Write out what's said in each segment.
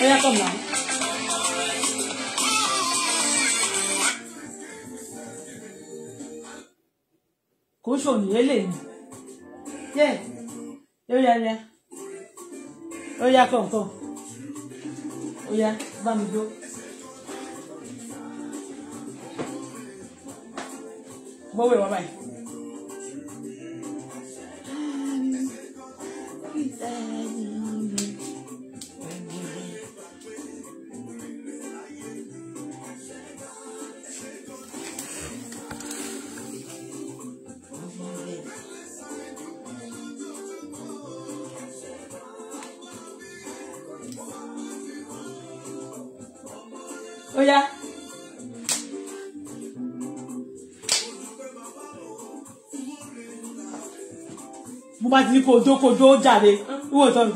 Here come now. kò ń ṣòwò eléyìí yẹ lórí ẹrẹ lórí akọ̀ǹkọ̀ ó yá bá mi dó. gbówó ìwà báyìí. ti ní kó o jáde mm. wíwò tọ́nu.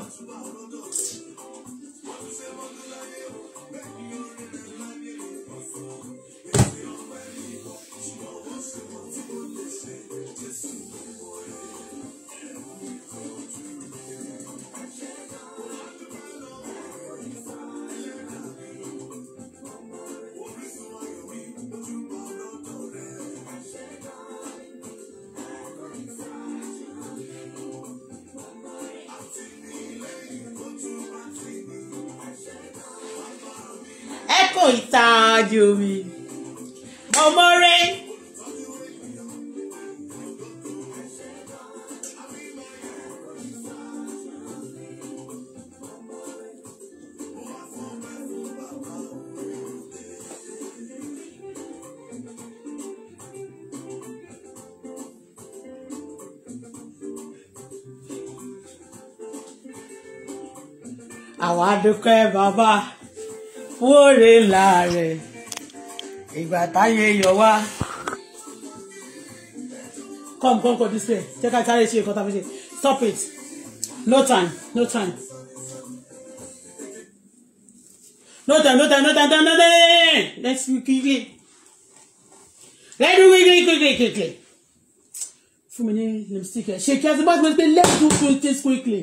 tájú mi ọmọ rẹ. àwa dúpẹ́ bàbá wóore láàrẹ̀ ìgbà táyé yọ wá. come come come this way jẹ́ ká sáré ṣe nǹkan tá a stop it no time no time no time no time no time no time no time let's do quickly let's do quickly quickly quickly fún mi ní lipstick ẹ ṣe kí ẹ ti bá ti pé let's do things quickly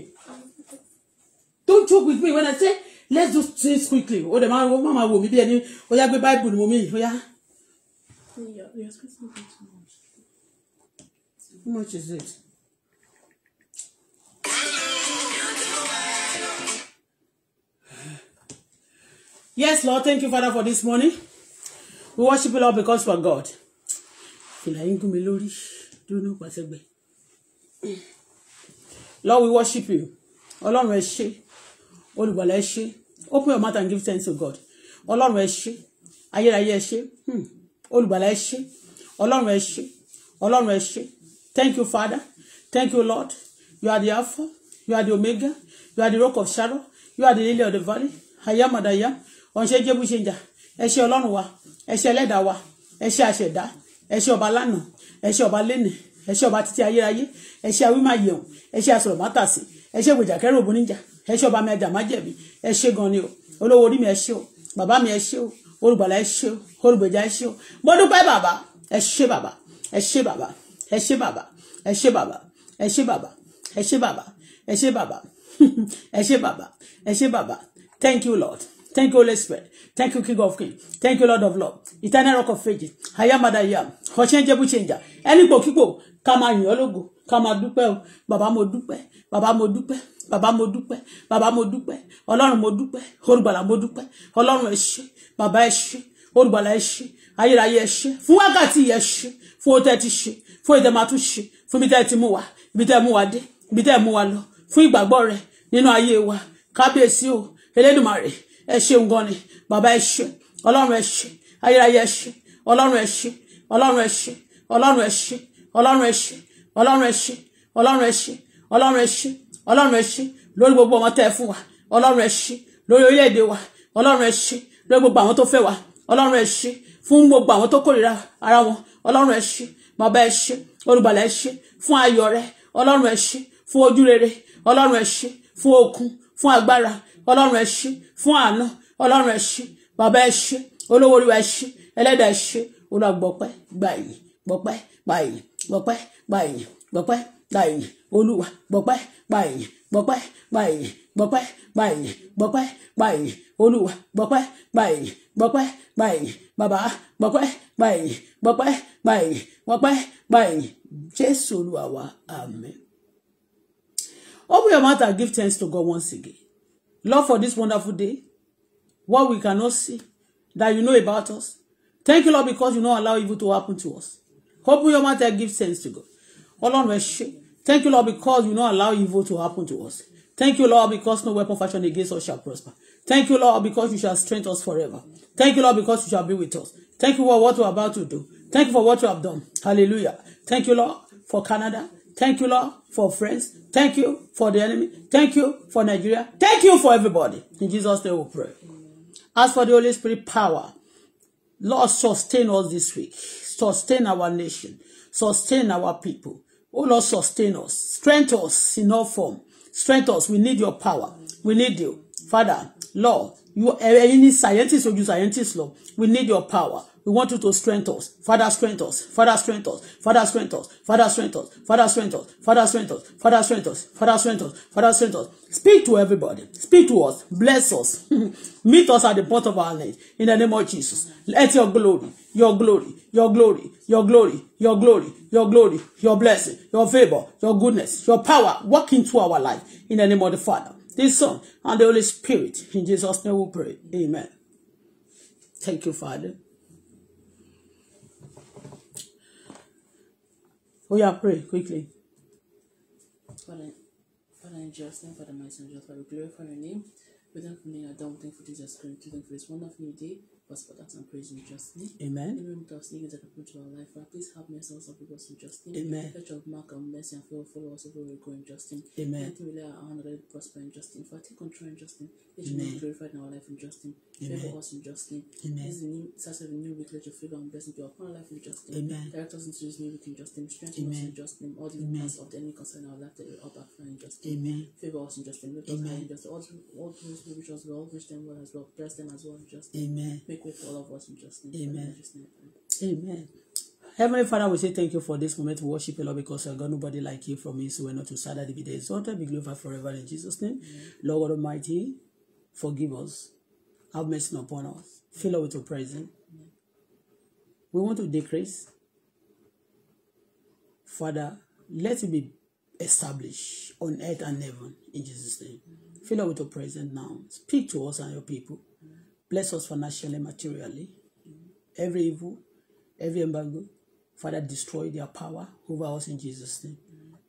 don't joke with me when I say let's do things quickly ó dẹ̀ máa wọ́n máa wò mí bí ẹni ó yá gbé báìbù ni mo mí yìí ó yá. How much is it? Yes, Lord, thank you, Father, for this morning. We worship you, Lord, because you are God. Lord, we worship you. Ọlọ́run ẹ ṣé olùgbàlà ẹ ṣé open your mouth and give thanks to God ọlọ́run ẹ ṣé ayérayé ẹ ṣé hmm. olùgbàlà ẹ ṣé ọlọ́run ẹ ṣé ọlọ́run ẹ ṣé thank you father thank you lord you are the alpha you are the omega you are the rock of sharon you are the lily of the valley ayamadaya ọ̀nṣẹ́ jébúṣẹ́njà ẹ ṣé ọlọ́run wa ẹ ṣé ẹlẹ́dàá wa ẹ ṣé àṣẹ̀dá ẹ ṣé ọba lánàá ẹ ṣé ọba lẹ́nìí ẹ ṣé ọba títí ayérayé ẹ ṣé awímáyẹun ẹ ṣé asọ̀rọ̀mátàsí ẹ ṣé gbèjàkẹ́rù òbóníjà ẹ ṣé ọba mi ajá má jẹ̀bi ẹ ṣé gan ni o olówó orí mi ẹ ṣé o bàbá mi ẹ ṣé o olùgbàlà ẹ ṣé o olùgbèjà ẹ ṣé o mo dúpẹ́ bàbá ẹ ṣé bàbá ẹ ṣé bàbá ẹ ṣé bàbá ẹ ṣé bàbá ẹ ṣé bàbá ẹ ṣé bàbá ẹ ṣé bàbá ẹ ṣé bàbá ẹ ṣé bàbá thank you lord thank you holy spirit thank you king of kings thank you lord of lords eternal rock of ages i am that i am ọ̀ṣẹ́ ń jẹ́ bú ṣe ń jà ẹni ká máa yàn ọ́ lógo ká máa dúpẹ́ o bàbá mo dúpẹ́ bàbá mo dúpẹ́ bàbá mo dúpẹ́ bàbá mo dúpẹ́ ọlọ́run mo dúpẹ́ olùgbàlà mo dúpẹ́ ọlọ́run ẹ ṣé bàbá ẹ ṣé olùgbàlà ẹ ṣé ayérayé ẹ ṣé fún wákàtí ẹ ṣé fún ó tẹ́ ti ṣe fún ìtẹ́ máa tún ṣe fún ibi tẹ́ ti mú wa ibi tẹ́ mú wa dé ibi tẹ́ mú wa lọ fún ìgbàgbọ́ rẹ nínú ayé wa kábíyèsí o elédùnmarè ẹ ṣeun gan ni bàbá ẹ ṣé ọlọ́run ẹ ṣé ayérayé ẹ ṣé ọlọ́run ẹ ṣé ọlọ́run ẹ ṣé ọlọ́run ẹ ṣé ọlọ́run ẹ ṣé ọlọ́run ẹ ṣé ọlọ́run ẹ ṣé ọlọ́run ẹ ṣé ọlọ́run ẹ ṣé lórí gbogbo ọmọ tẹ́ ẹ fún wa ọlọ́run ẹ ṣé lórí orílẹ̀-èdè wa ọlọ́run ẹ ṣé lórí gbogbo àwọn tó fẹ́ wa ọlọ́run ẹ ṣé fún gbogbo àwọn tó kórìíra ara wọn ọlọ́run ẹ ṣé bàbá ẹ ṣé olùgbàlà ẹ fún ayọ̀ rẹ ọlọ́run ẹ fún ojú rere ọlọ́run ẹ fún okun fún agbára ọlọ́run ẹ fún àánú ọlọ́run ẹ bàbá ẹ olówó orí wa ẹ ẹlẹ́dàá ẹ ṣé gbà yìí gbọ̀pẹ́ gbàyìn gbọpẹ́ gbàyìn gbọpẹ́ gbàyìn olúwa gbọpẹ́ gbàyìn gbọpẹ́ gbàyìn gbọpẹ́ gbàyìn gbọpẹ́ gbàyìn olúwa gbọpẹ́ gbàyìn gbọpẹ́ gbàyìn bàbá gbọpẹ́ gbàyìn gbọpẹ́ gbàyìn gbọpẹ́ gbàyìn jésù olúwa wa amen. open your mouth and give thanks to God once again lord for this wonderful day what we cannot see that you know about us thank you lord because you no allow evil to happen to us Hope your mouth give sense to God. Ọlọ́run ẹ ṣé. Thank you, Lord, because you don't allow evil to happen to us. Thank you, Lord, because no weapon fashioned against us shall prosper. Thank you, Lord, because you shall strengthen us forever. Thank you, Lord, because you shall be with us. Thank you for what are about to do. Thank you for what you have done. Hallelujah. Thank you, Lord, for Canada. Thank you, Lord, for friends. Thank you for the enemy. Thank you for Nigeria. Thank you for everybody. In Jesus' name we pray. As for the Holy Spirit power, Lord, sustain us this week sustain our nation, sustain our people. Oh Lord, sustain us, strengthen us in all form, strengthen us. We need your power. We need you, Father, Lord. You any scientist or you scientist Lord, We need your power. We want you to strengthen us. Father, strengthen us. Father, strengthen us. Father, strengthen us. Father, strengthen us. Father, strengthen us. Father, strengthen us. Father, strengthen us. Father, strengthen us. Father, strengthen us. Speak to everybody. Speak to us. Bless us. Meet us at the bottom of our land. In the name of Jesus. Let your glory, your glory, your glory, your glory, your glory, your glory, your blessing, your favor, your goodness, your power walk into our life. In the name of the Father the Son, and the Holy Spirit. In Jesus' name we pray. Amen. Thank you, Father. Oh yeah, pray quickly. Father, Father in Jesus' name, Father, my son, Jesus, Father, glorify your name. We thank you for being a dumb thing for Jesus Christ. We thank you for this wonderful new day. But for that, I'm praising justly. Amen. In room of sneaking that approach our life, Father, please help me on some people in justly. Amen. Fetch of mark and mercy and fear follow us over we go in justly. Amen. Let rely our hand prosper in justly. I take control in justly. Let your name glorified in our life in justly. Favor us in just name. Amen. This is the new start of a new week. Let your favor and blessing be upon our life in just name. Amen. Direct us into this new week in just name. Strengthen Amen. us in just name. All the plans of the enemy concerning our life that will up and in just name. Amen. Favor us in just name. Let us in just all all those who wish us well, wish them well as well. Bless them as well in just Amen. Make way for all of us in just name. Amen. Amen. Heavenly Father, we say thank you for this moment to worship you, Lord, because I uh, got nobody like you from me. so we're not to sad be there. So be glorified forever in Jesus' name. Amen. Lord God Almighty, forgive us have mercy upon us. Fill us with your presence. We want to decrease. Father, let it be established on earth and heaven in Jesus' name. Fill us with your presence now. Speak to us and your people. Bless us financially, materially. Every evil, every embargo, Father, destroy their power over us in Jesus' name.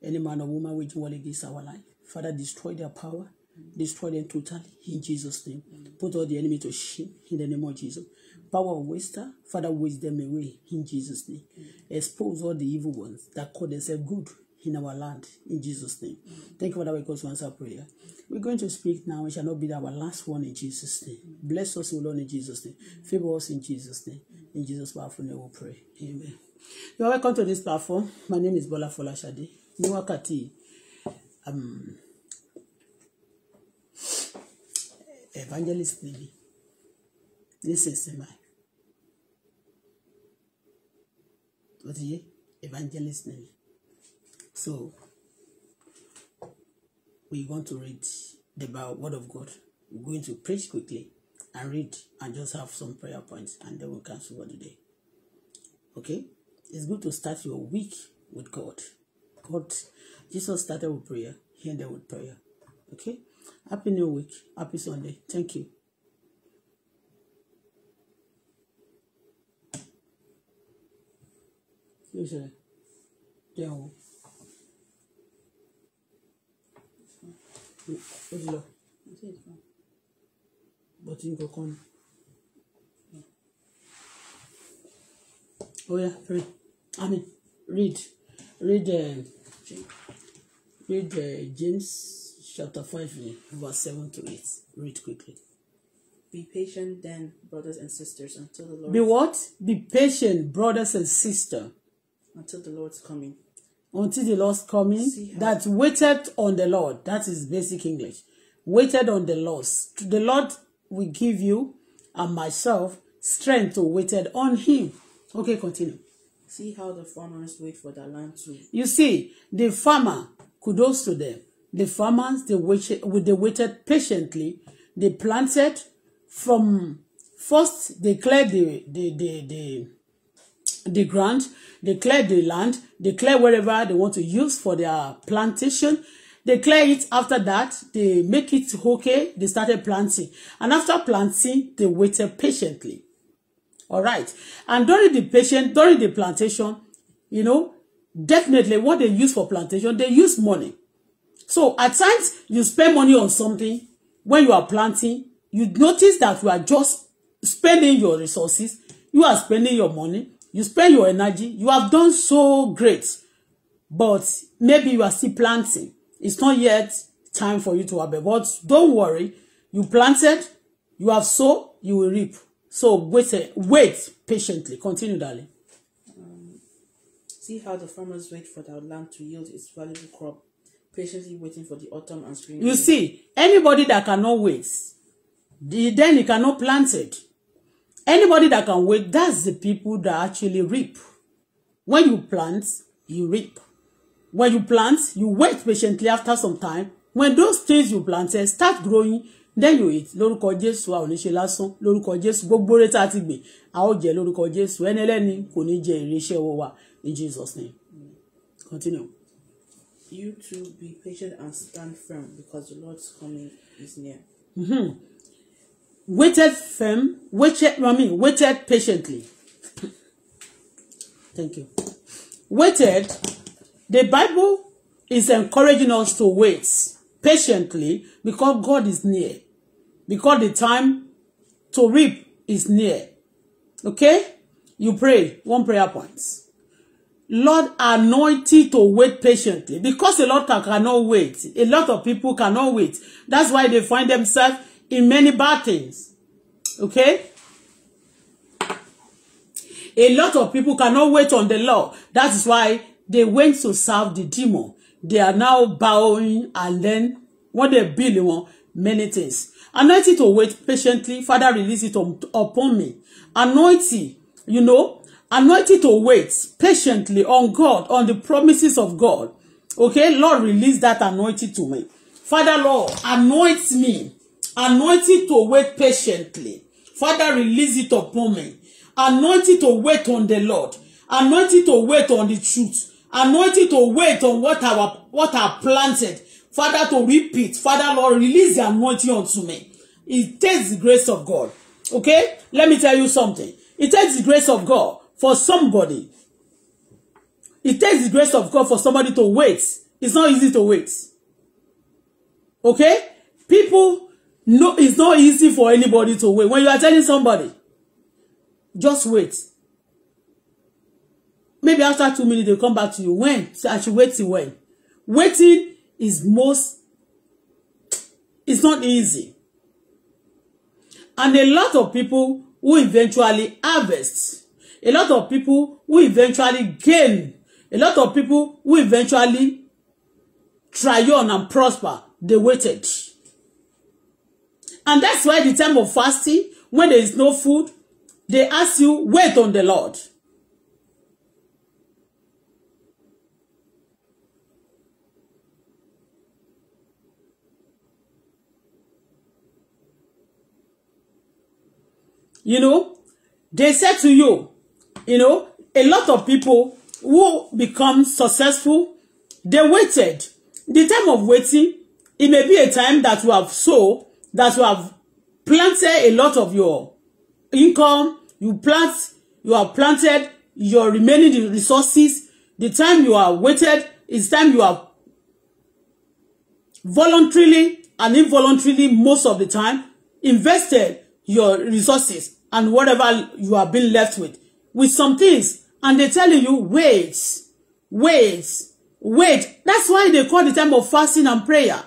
Any man or woman waging war against our life, Father, destroy their power Destroy them totally in Jesus' name. Put all the enemy to shame in the name of Jesus. Power of waster, Father, waste them away in Jesus' name. Expose all the evil ones that call themselves good in our land in Jesus' name. Thank you, for that. because you our prayer. We're going to speak now. It shall not be our last one in Jesus' name. Bless us, O Lord, in Jesus' name. Favor us in Jesus' name. In Jesus' powerful name, we pray. Amen. You are welcome to this platform. My name is Bola Folashade. Ní wákàtí. Um, evangelist níbi nísinsìnyí tó ti yé evangelist níbi so we want to read the word of God we're going to preach quickly and read and just have some prayer points and then we'll cancel for today okay it's good to start your week with God God Jesus started with prayer he ended with prayer okay happy new week happy sunday thank you. yóò ṣẹlẹ̀ jẹun o ó ti lọ bọ́tí nǹkan kan ni ó yá read i mean read read uh, read uh, James. chapter 5, verse 7 to 8. Read quickly. Be patient then, brothers and sisters, until the Lord. Be what? Be patient, brothers and sister, Until the Lord's coming. Until the Lord's coming. That waited on the Lord. That is basic English. Waited on the Lord. The Lord will give you and myself strength to waited on him. Okay, continue. See how the farmers wait for their land to. You see, the farmer, kudos to them The farmers, they waited, they waited patiently. They planted from first they cleared the, the, the, the, the ground, they cleared the land, they clear wherever they want to use for their plantation. They clear it after that, they make it okay, they started planting. And after planting, they waited patiently. All right. And during the patient, during the plantation, you know, definitely what they use for plantation, they use money. So at times you spend money on something when you are planting, you notice that you are just spending your resources, you are spending your money, you spend your energy, you have done so great, but maybe you are still planting. It's not yet time for you to harvest, but don't worry, you planted, you have sown, you will reap. So wait, wait patiently. Continue, darling. Um, see how the farmers wait for their land to yield its valuable crop patiently waiting for the autumn and spring. You see, anybody that cannot wait, the, then he cannot plant it. Anybody that can wait, that's the people that actually reap. When you plant, you reap. When you plant, you wait patiently after some time. When those things you planted start growing, then you eat. Lord, Jésù, a ò ní ṣe lásán. Lórúkọ Jésù, gbogbo rẹ̀ tá a ti I a ó Lord, lórúkọ Jésù. Ẹni ẹlẹ́ni kò ní jẹ in Jesus' name. Continue. You to be patient and stand firm because the Lord's coming is near. Mm-hmm. Waited firm, waited, I mean, waited patiently. Thank you. Waited. The Bible is encouraging us to wait patiently because God is near. Because the time to reap is near. Okay? You pray one prayer point. Lord, anointed to wait patiently because a lot of cannot wait. A lot of people cannot wait. That's why they find themselves in many bad things. Okay? A lot of people cannot wait on the Lord. That is why they went to serve the demon. They are now bowing and then what they build on many things. Anointed to wait patiently. Father, release it upon me. Anointed, you know, anointed to wait patiently on God, on the promises of God. Okay, Lord, release that anointing to me. Father, Lord, anoint me. Anointed to wait patiently. Father, release it upon me. Anointed to wait on the Lord. Anointed to wait on the truth. Anointed to wait on what I, what I planted. Father, to repeat. Father, Lord, release the anointing unto me. It takes the grace of God. Okay? Let me tell you something. It takes the grace of God for somebody. It takes the grace of God for somebody to wait. It's not easy to wait. Okay? People know it's not easy for anybody to wait. When you are telling somebody, just wait. Maybe after two minutes, they'll come back to you. When? So I should wait till when? Waiting is most, it's not easy. And a lot of people who eventually harvest a lot of people who eventually gain. A lot of people who eventually triumph and prosper. They waited. And that's why the time of fasting, when there is no food, they ask you, wait on the Lord. You know, they say to you, You know, a lot of people who become successful, they waited. The time of waiting, it may be a time that you have sowed, that you have planted a lot of your income, you plant, you have planted your remaining resources. The time you are waited is time you have voluntarily and involuntarily most of the time invested your resources and whatever you have been left with with some things and they telling you wait wait wait that's why they call the time of fasting and prayer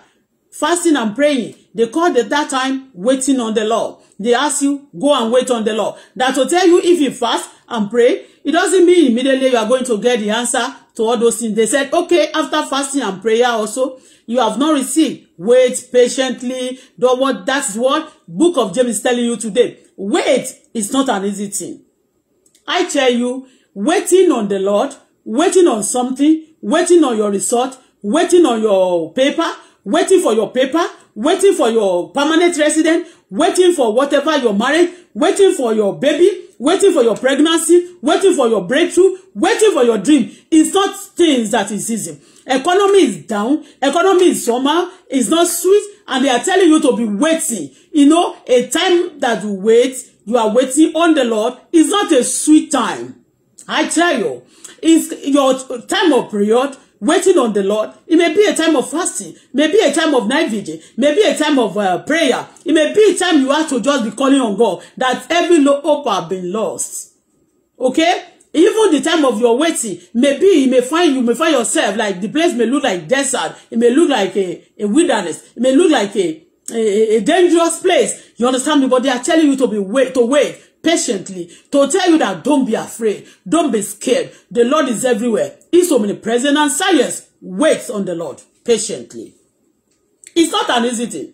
fasting and praying they call it that time waiting on the Lord they ask you go and wait on the Lord that will tell you if you fast and pray it doesn't mean immediately you are going to get the answer to all those things they said okay after fasting and prayer also you have not received wait patiently Don't what that's what book of James is telling you today wait is not an easy thing I tell you, waiting on the Lord, waiting on something, waiting on your result, waiting on your paper, waiting for your paper, waiting for your permanent resident, waiting for whatever your marriage, waiting for your baby, waiting for your pregnancy, waiting for your breakthrough, waiting for your dream. It's not things that is easy. Economy is down, economy is summer. it's not sweet, and they are telling you to be waiting. You know, a time that you wait you are waiting on the Lord It's not a sweet time. I tell you, it's your time of prayer, waiting on the Lord. It may be a time of fasting, maybe a time of night vigil, maybe a time of uh, prayer. It may be a time you have to just be calling on God that every hope have been lost. Okay? Even the time of your waiting, maybe you may find you may find yourself like the place may look like desert, it may look like a, a wilderness, it may look like a a, a dangerous place. You understand me? But they are telling you to be wait, to wait patiently, to tell you that don't be afraid, don't be scared. The Lord is everywhere. He's omnipresent and science waits on the Lord patiently. It's not an easy thing.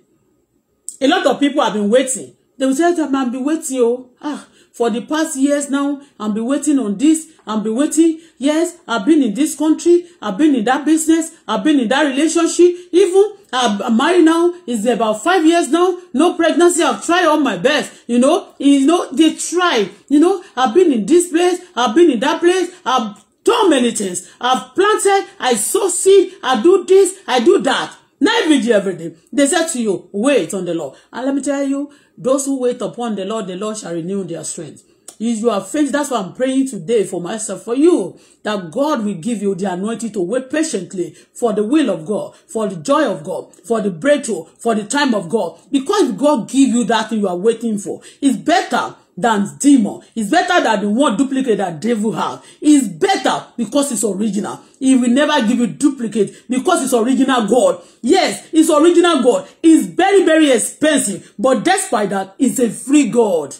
A lot of people have been waiting. They will say, I've ah, been waiting. Oh, ah, for the past years now and be waiting on this and be waiting yes I've been in this country I've been in that business I've been in that relationship even I'm married now Is about five years now no pregnancy I've tried all my best you know you know they try you know I've been in this place I've been in that place I've done many things I've planted I sow seed I do this I do that Night vigil every day. They said to you, wait on the Lord. And let me tell you, those who wait upon the Lord, the Lord shall renew their strength. If you are faint, that's why I'm praying today for myself, for you, that God will give you the anointing to wait patiently for the will of God, for the joy of God, for the breakthrough, for the time of God. Because God give you that thing you are waiting for, it's better than demon. It's better than the one duplicate that devil have. It's better because it's original. He will never give you duplicate because it's original God. Yes, it's original God. It's very, very expensive. But despite that, it's a free God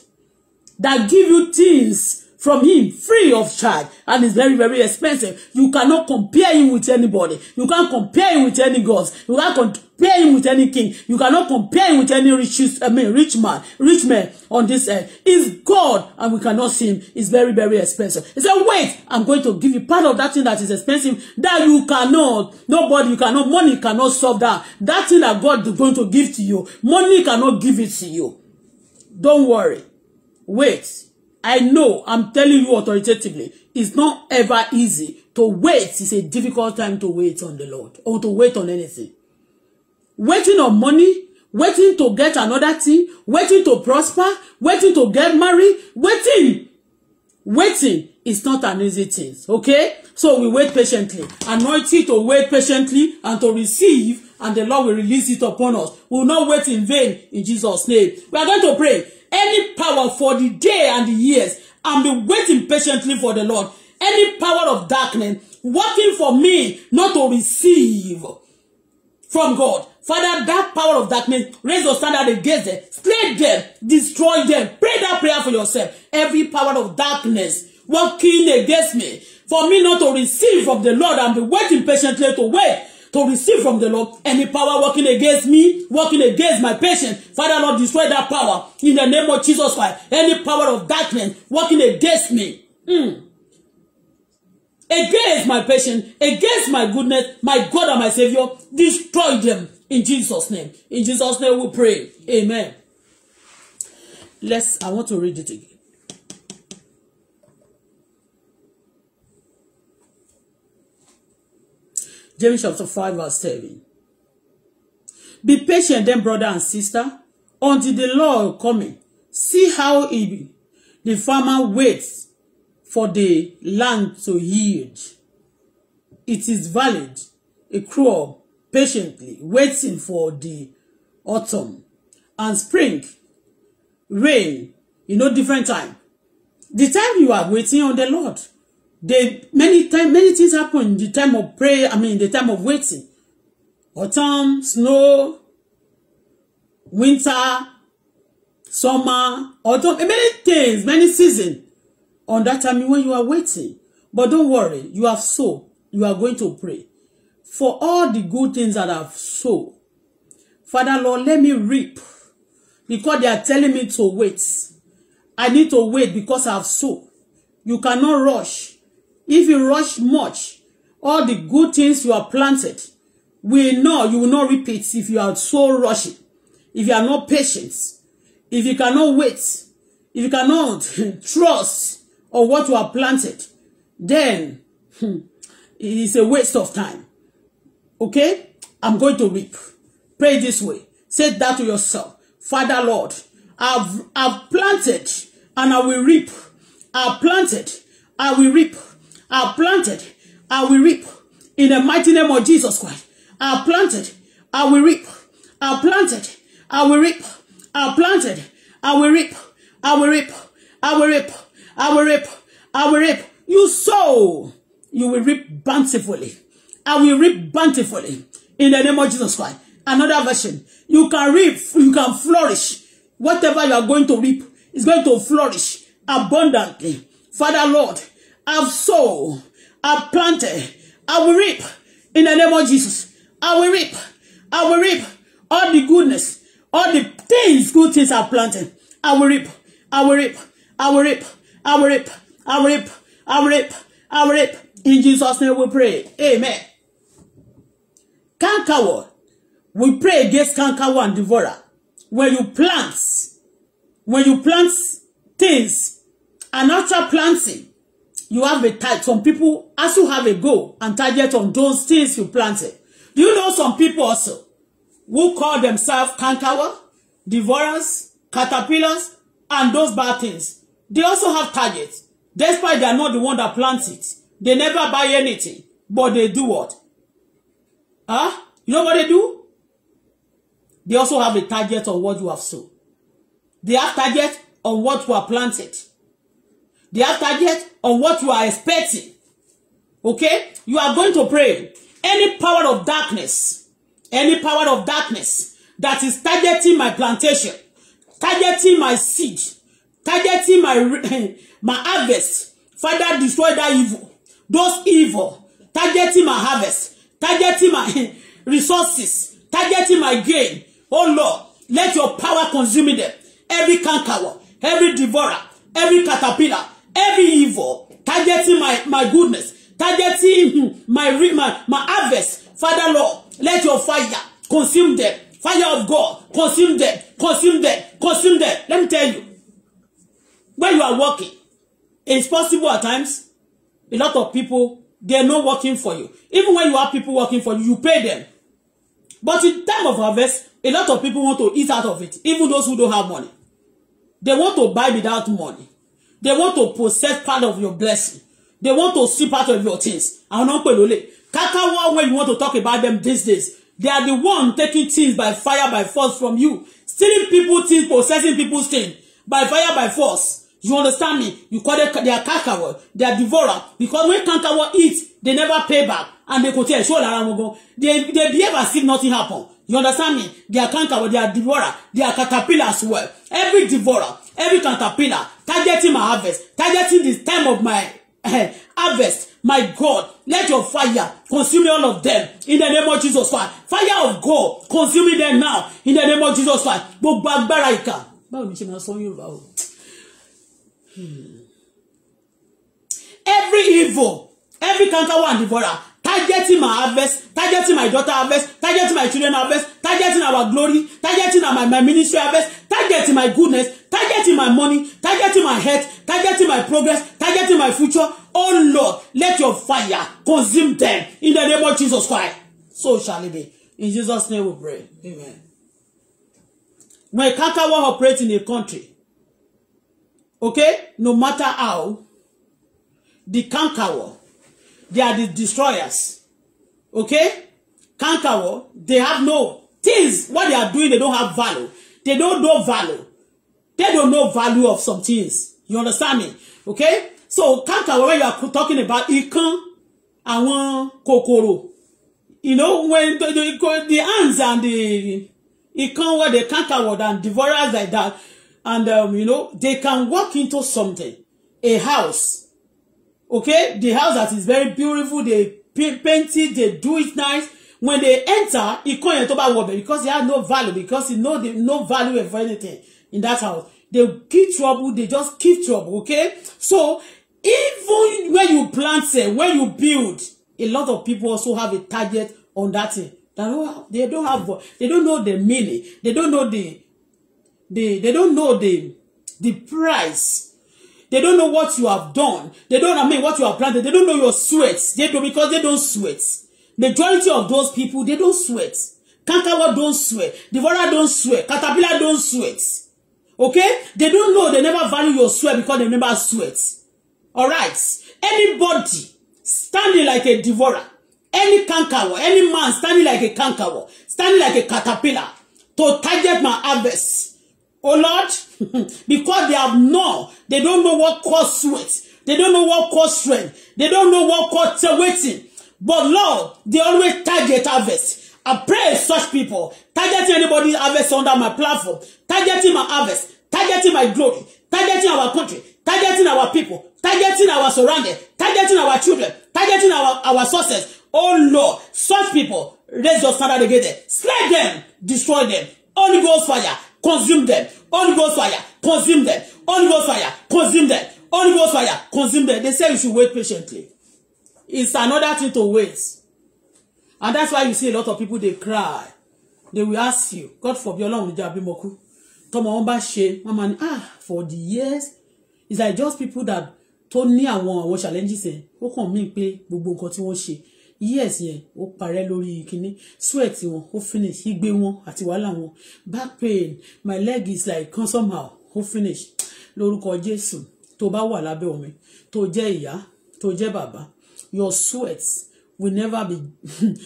that give you things from him free of charge and it's very, very expensive. You cannot compare him with anybody. You can't compare him with any gods. You can't compare him with any king. You cannot compare him with any rich, I mean, rich man, rich man on this earth. Is God and we cannot see him. It's very, very expensive. He said, wait, I'm going to give you part of that thing that is expensive that you cannot, nobody, you cannot, money cannot solve that. That thing that God is going to give to you, money cannot give it to you. Don't worry. Wait. I know, I'm telling you authoritatively, it's not ever easy to wait. It's a difficult time to wait on the Lord or to wait on anything. Waiting on money, waiting to get another thing, waiting to prosper, waiting to get married, waiting. Waiting is not an easy thing, okay? So we wait patiently. Anointing to wait patiently and to receive, and the Lord will release it upon us. We will not wait in vain in Jesus' name. We are going to pray. Any power for the day and the years, I'm be waiting patiently for the Lord. Any power of darkness working for me not to receive from God. Father, that power of darkness, raise your standard against them, slay them, destroy them. Pray that prayer for yourself. Every power of darkness working against me, for me not to receive from the Lord, I'm be waiting patiently to wait to receive from the Lord any power working against me, working against my patient. Father, Lord, destroy that power in the name of Jesus Christ. Any power of darkness working against me. Mm. Against my patient, against my goodness, my God and my Savior, destroy them in Jesus' name. In Jesus' name we pray. Amen. Let's, I want to read it again. James chapter 5 verse 7. Be patient then, brother and sister, until the Lord coming. See how he, the farmer waits for the land to yield. It is valid, a crop patiently waiting for the autumn and spring, rain, you know, different time. The time you are waiting on the Lord they many time many things happen in the time of prayer i mean in the time of waiting autumn snow winter summer autumn eh, many things many season on that time when you are waiting but don't worry you have sow you are going to pray for all the good things that have sown father lord let me reap because they are telling me to wait i need to wait because I have sown you cannot rush If you rush much, all the good things you are planted we know you will not reap it if you are so rushing, if you are not patient, if you cannot wait, if you cannot trust on what you are planted, then hmm, it is a waste of time. Okay? I'm going to reap. Pray this way. Say that to yourself. Father Lord, I've, I've planted and I will reap. I've planted, I will reap. I planted, I will reap. In the mighty name of Jesus Christ, I planted, I will reap. I planted, I will reap. I planted, I will reap. I will reap. I will reap. I will reap. I will reap. You sow, you will reap bountifully. I will reap bountifully in the name of Jesus Christ. Another version. You can reap, you can flourish. Whatever you are going to reap is going to flourish abundantly. Father Lord, I've sown, I've planted, I will reap in the name of Jesus. I will reap, I will reap all the goodness, all the things, good things I've planted. I will reap, I will reap, I will reap, I will reap, I will reap, I will reap, I will reap. In Jesus' name we pray. Amen. Cankerwall. We pray against cankerwall and devourer. When you plant, when you plant things, an actual planting, you have a target. Some people also have a goal and target on those things you planted. Do you know some people also who call themselves cankerworm, devourers, caterpillars, and those bad things? They also have targets. Despite they are not the one that plants it. They never buy anything. But they do what? Huh? You know what they do? They also have a target on what you have sown. They have target on what you have planted. They have target on what you are expecting. Okay? You are going to pray. Any power of darkness, any power of darkness that is targeting my plantation, targeting my seed, targeting my, my harvest, Father, destroy that evil. Those evil, targeting my harvest, targeting my resources, targeting my gain. Oh Lord, let your power consume them. Every canker, every devourer, every caterpillar, every evil targeting my my goodness targeting hmm, my my my harvest father lord let your fire consume them fire of god consume them consume them consume them let me tell you when you are working it's possible at times a lot of people they're not working for you even when you have people working for you you pay them but in time of harvest a lot of people want to eat out of it even those who don't have money they want to buy without money they want to possess part of your blessing they want to see part of your things àwọn náà ń pè lólè kakawa when you want to talk about them these days they are the one taking things by fire by force from you stealing people things possessing people's things by fire by force you understand me you call them they are kakawa they are devourer because when kakawa eat they never pay back and they go tell show lara wọn gan they they behave as if nothing happen you understand me they are kankawa they are devourer they are caterpillar as well every devourer every caterpillar targeting my harvest, targeting the time of my eh, harvest. My God, let your fire consume all of them in the name of Jesus Christ. Fire of God, consume them now in the name of Jesus Christ. Gbogbo agbára ìkà. Báwo ni ṣe máa sọ Yorùbá o? Hmm. Every evil, every canker one devourer targeting my harvest, targeting my daughter harvest, targeting my children harvest, targeting our glory, targeting my, my ministry harvest, targeting my goodness, targeting my money, targeting my health, targeting my progress, targeting my future. Oh Lord, let your fire consume them in the name of Jesus Christ. So shall it be. In Jesus' name we pray. Amen. When Kakawa operates in a country, okay, no matter how, the Kankawa, they are the destroyers. Okay? Kankawa, they have no things. What they are doing, they don't have value. They don't know value. They don't know value of some things. You understand me? Okay? So canker, when you are talking about ìkan, àwọn kokoro, you know, when the, the, the ants and the ìkan where the cankerworm and devourers like that, and um, you know, they can walk into something, a house. Okay? The house that is very beautiful, they paint it, they do it nice. When they enter, ìkan yẹn toba bá because they have no value, because they know they no value for anything in that house. They keep trouble. They just keep trouble, okay? So even when you plant it, when you build, a lot of people also have a target on that thing. They don't they don't have, they don't know the meaning. They don't know the, the, they don't know the, the price. They don't know what you have done. They don't, I mean, what you have planted. They don't know your sweats. They do because they don't sweat. Majority of those people, they don't sweat. Kankawa don't sweat. Devourer don't sweat. Caterpillar don't sweat. Okay? They don't know. They never value your sweat because they never sweat. All right? Anybody standing like a devourer, any cankerworm, any man standing like a cankerworm, standing like a caterpillar to target my harvest. Oh Lord, because they have no, they don't know what cause sweat. They don't know what cause strength. They don't know what cause waiting. But Lord, they always target harvest. I pray such people targeting anybody's harvest under my platform, targeting my harvest, targeting my glory, targeting our country, targeting our people, targeting our surrounding, targeting our children, targeting our, our sources. Oh Lord, such people, raise your standard against them. Slay them, destroy them. Holy goes fire, consume them. Holy goes fire, consume them. Holy goes fire, consume them. Holy goes fire, consume them. They say you should wait patiently. It's another thing to wait and that's why you see a lot of people they cry they will ask you God forbid along with abimoku tọmọ wọn bá ṣe wọn máa ah for the years it's like just people that tó ní àwọn àwọn challenges ẹ ó kàn mí pé gbogbo nǹkan tí wọ́n ṣe years yẹn ó parẹ́ lórí kínní sweat wọn ó finish He igbe wọn àti wàhálà wọn back pain my leg is like come somehow ó finish lórúkọ Jésù tó bá wà lábẹ́ omi tó jẹ́ ìyá tó jẹ́ bàbá your sweats will never be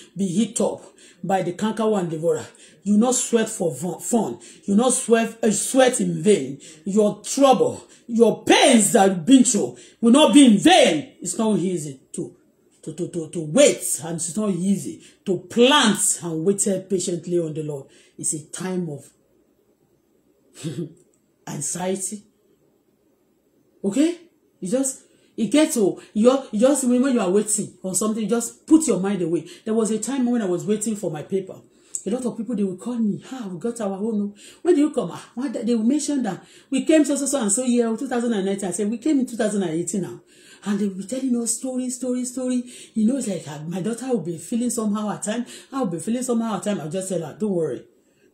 be hit up by the canker and devourer. You not sweat for fun. You not sweat uh, sweat in vain. Your trouble, your pains that you've been through will not be in vain. It's not easy to to to to, to wait, and it's not easy to plant and wait patiently on the Lord. It's a time of anxiety. Okay, you just It gets to you are just when you are waiting or something, just put your mind away. There was a time when I was waiting for my paper. A lot of people they will call me, ah, we got our own. Oh. When do you come? Ah, they will mention that we came so so so and so year 2019. I said we came in 2018 now. And they will be telling us oh, story, story, story. You know, it's like ah, my daughter will be feeling somehow at time. I'll be feeling somehow at time. I'll just tell her, don't worry.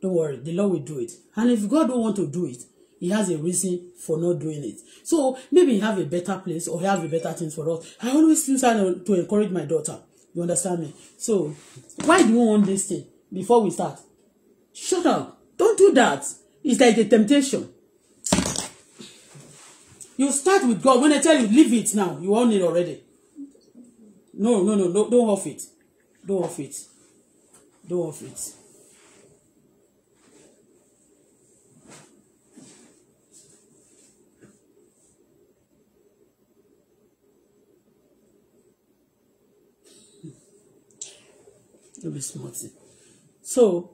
Don't worry. The Lord will do it. And if God don't want to do it, he has a reason for not doing it so maybe he have a better place or he have a better thing for us i always use that to encourage my daughter you understand me so why do you want this thing before we start shut up don't do that it's like a temptation you start with God when I tell you leave it now you own it already no no no, no don't off it don't off it don't off it. no be small so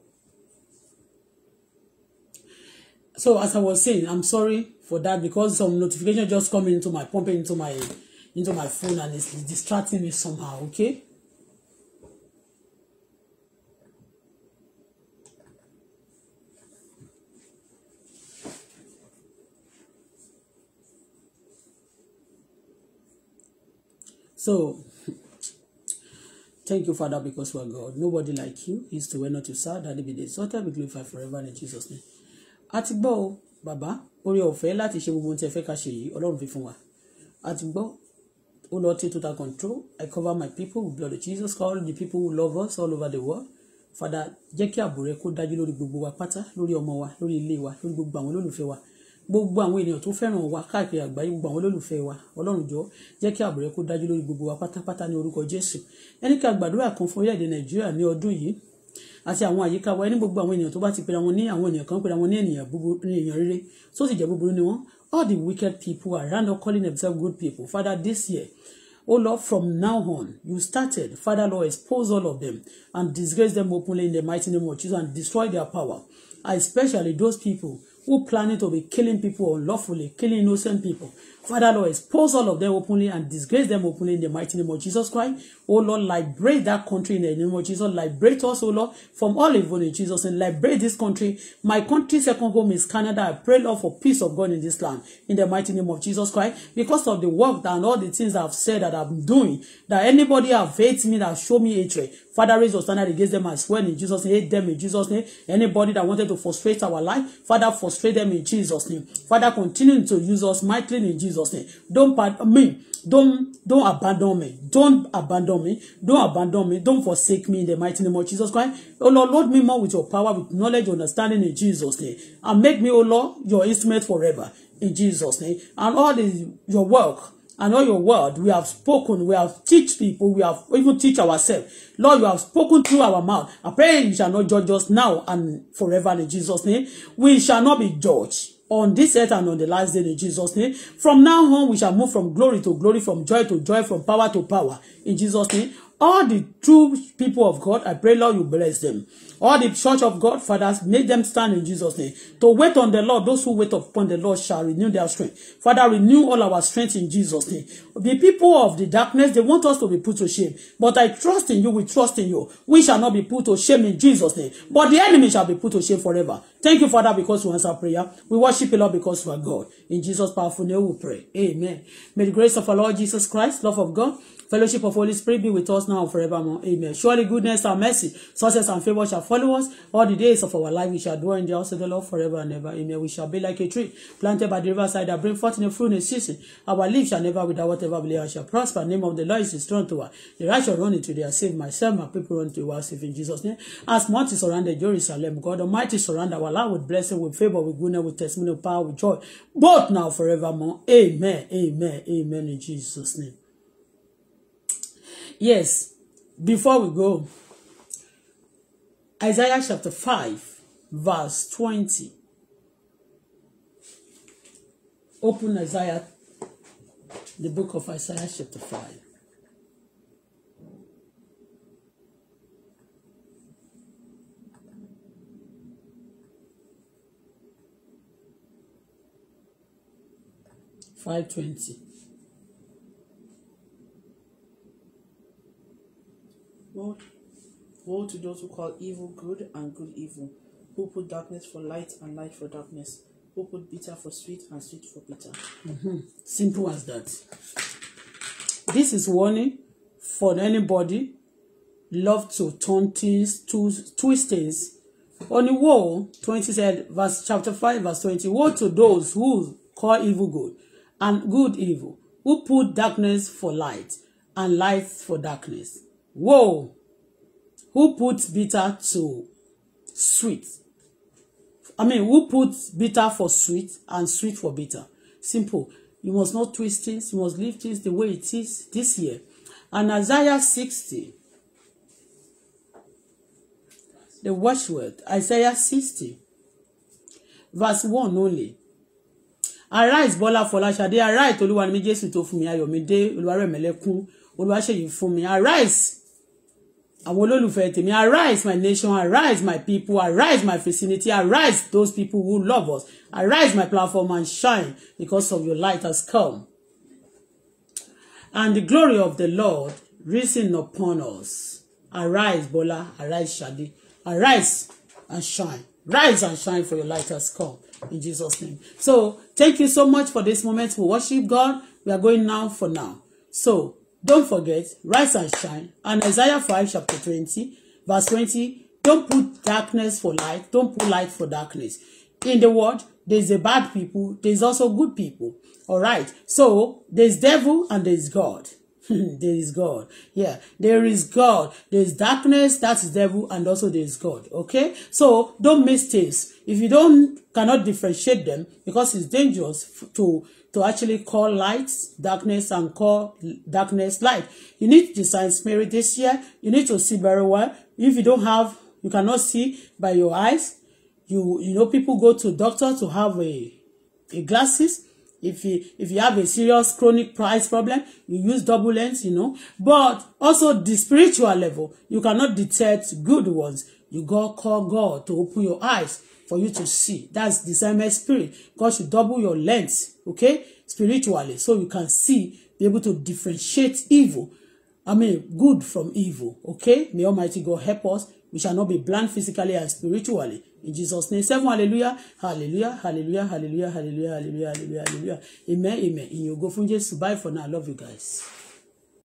so as i was saying i'm sorry for that because some notification just come into my pumping into my into my phone and it's distracting me somehow okay so Thank you, Father, because you are God. Nobody like you. He's to wear not you, sir. Daddy be the exalted, be glorified forever in Jesus' name. Àti gbọ́ Baba, bàbá, orí ọ̀fẹ́ láti ṣe gbogbo ohun tí ẹ fẹ́ ká ṣe yìí, Ọlọ́run O Lord, take total control. I cover my people with blood of Jesus. Call the people who love us all over the world. Father, jẹ́ kí ààbò rẹ kó dájú lórí gbogbo wa pátá, lórí ọmọ wa, lórí ilé wa, lórí gbogbo gbogbo àwọn ènìyàn tó fẹ́ràn wa káàkiri àgbáyé gbogbo àwọn olólùfẹ́ wa ọlọ́run jọ jẹ́ kí ààbò rẹ kó dájú lórí gbogbo wa pátápátá ní orúkọ jésù ẹni ká gbàdúrà kan fún orílẹ̀-èdè nàìjíríà ní ọdún yìí àti àwọn àyíká wa ẹni gbogbo àwọn ènìyàn tó bá ti pera wọn ní àwọn ènìyàn kan pera wọn ní ènìyàn rere tó sì jẹ́ búburú ni wọ́n all the wicked people around us calling themselves good people father this year Oh Lord, from now on, you started. Father, Lord, expose all of them and disgrace them openly in the mighty name of Jesus and destroy their power, especially those people who planning to be killing people unlawfully, killing innocent people. Father, Lord, expose all of them openly and disgrace them openly in the mighty name of Jesus Christ. Oh Lord, liberate that country in the name of Jesus. Liberate us, oh Lord, from all evil in Jesus and liberate this country. My country, second home is Canada. I pray, Lord, for peace of God in this land in the mighty name of Jesus Christ. Because of the work and all the things I've said that I'm doing, that anybody have hates me, that show me hatred. Father, raise your standard against them as well in Jesus' name. Hate them in Jesus' name. Anybody that wanted to frustrate our life, Father, frustrate them in Jesus' name. Father, continue to use us mightily in Jesus' Jesus' name. Don't pardon me. Don't don't abandon me. Don't abandon me. Don't abandon me. Don't forsake me in the mighty name of Jesus Christ. Oh Lord, load me more with your power, with knowledge, understanding in Jesus' name. And make me, oh Lord, your instrument forever in Jesus' name. And all the your work and all your word we have spoken we have teach people we have even teach ourselves lord you have spoken through our mouth i pray you shall not judge us now and forever in jesus name we shall not be judged on this earth and on the last day in Jesus' name. From now on, we shall move from glory to glory, from joy to joy, from power to power in Jesus' name. All the true people of God, I pray, Lord, you bless them. All the church of God, fathers, make them stand in Jesus' name. To wait on the Lord, those who wait upon the Lord shall renew their strength. Father, renew all our strength in Jesus' name. The people of the darkness, they want us to be put to shame. But I trust in you, we trust in you. We shall not be put to shame in Jesus' name. But the enemy shall be put to shame forever. Thank you, Father, because you answer prayer. We worship you, Lord, because you are God. In Jesus' powerful name we pray. Amen. May the grace of our Lord Jesus Christ, love of God, Fellowship of Holy Spirit be with us now and forevermore. Amen. Surely goodness and mercy, success and favor shall follow us all the days of our life. We shall dwell in the house of the Lord forever and ever. Amen. We shall be like a tree planted by the riverside that bring forth in fruit in season. Our leaves shall never wither. Whatever we shall prosper. The name of the Lord is strong to us. The righteous run into their save myself, my people run to us. If in Jesus' name, as much is surrounded Jerusalem, God Almighty surround our life with blessing, with favor, with goodness, with testimony, with power, with joy, both now forevermore. Amen. Amen. Amen. In Jesus' name. Yes, before we go, Isaiah chapter 5, verse 20. Open Isaiah, the book of Isaiah chapter 5. Five twenty. Lord, woe to those who call evil good and good evil, who put darkness for light and light for darkness, who put bitter for sweet and sweet for bitter. Mm-hmm. Simple as that. This is warning for anybody love to turn things to twist things. On the wall, 20 said, verse chapter 5, verse 20, woe to those who call evil good and good evil, who put darkness for light and light for darkness Whoa! Who puts bitter to sweet? I mean, who puts bitter for sweet and sweet for bitter? Simple. You must not twist things. You must leave things the way it is this year. And Isaiah 60, the watchword, Isaiah 60, verse 1 only. Arise Bọ́lá Fọláṣadé, arise Olúwa ni mí Jésù tó fún mi, ayọ̀ mi dé, Olúwa rẹ̀ arise àwọn olólùfẹ́ tèmi arise my nation arise my people arise my vicinity arise those people who love us arise my platform and shine because of your light has come and the glory of the Lord risen upon us arise Bola arise Shade arise and shine rise and shine for your light has come in Jesus name so thank you so much for this moment for worship God we are going now for now so Don't forget, rise and shine. And Isaiah 5, chapter 20, verse 20. Don't put darkness for light. Don't put light for darkness. In the world, there's a bad people. There's also good people. All right. So there's devil and there's God. there is God. Yeah, there is God. There is darkness, that is devil, and also there is God. Okay? So don't mix things. If you don't cannot differentiate them, because it's dangerous to to actually call light darkness and call darkness light. You need to design spirit this year. You need to see very well. If you don't have, you cannot see by your eyes. You you know people go to doctor to have a, a glasses if you if you have a serious chronic price problem you use double lens you know but also the spiritual level you cannot detect good ones you go call God to open your eyes for you to see that's discernment spirit God you double your lens okay spiritually so you can see be able to differentiate evil I mean good from evil okay may Almighty God help us We shall not be blind physically and spiritually. In Jesus' name. Seven hallelujah. Hallelujah. Hallelujah. Hallelujah. Hallelujah. Hallelujah. Hallelujah. Amen. Amen. In your go from Jesus. Bye for now. I love you guys.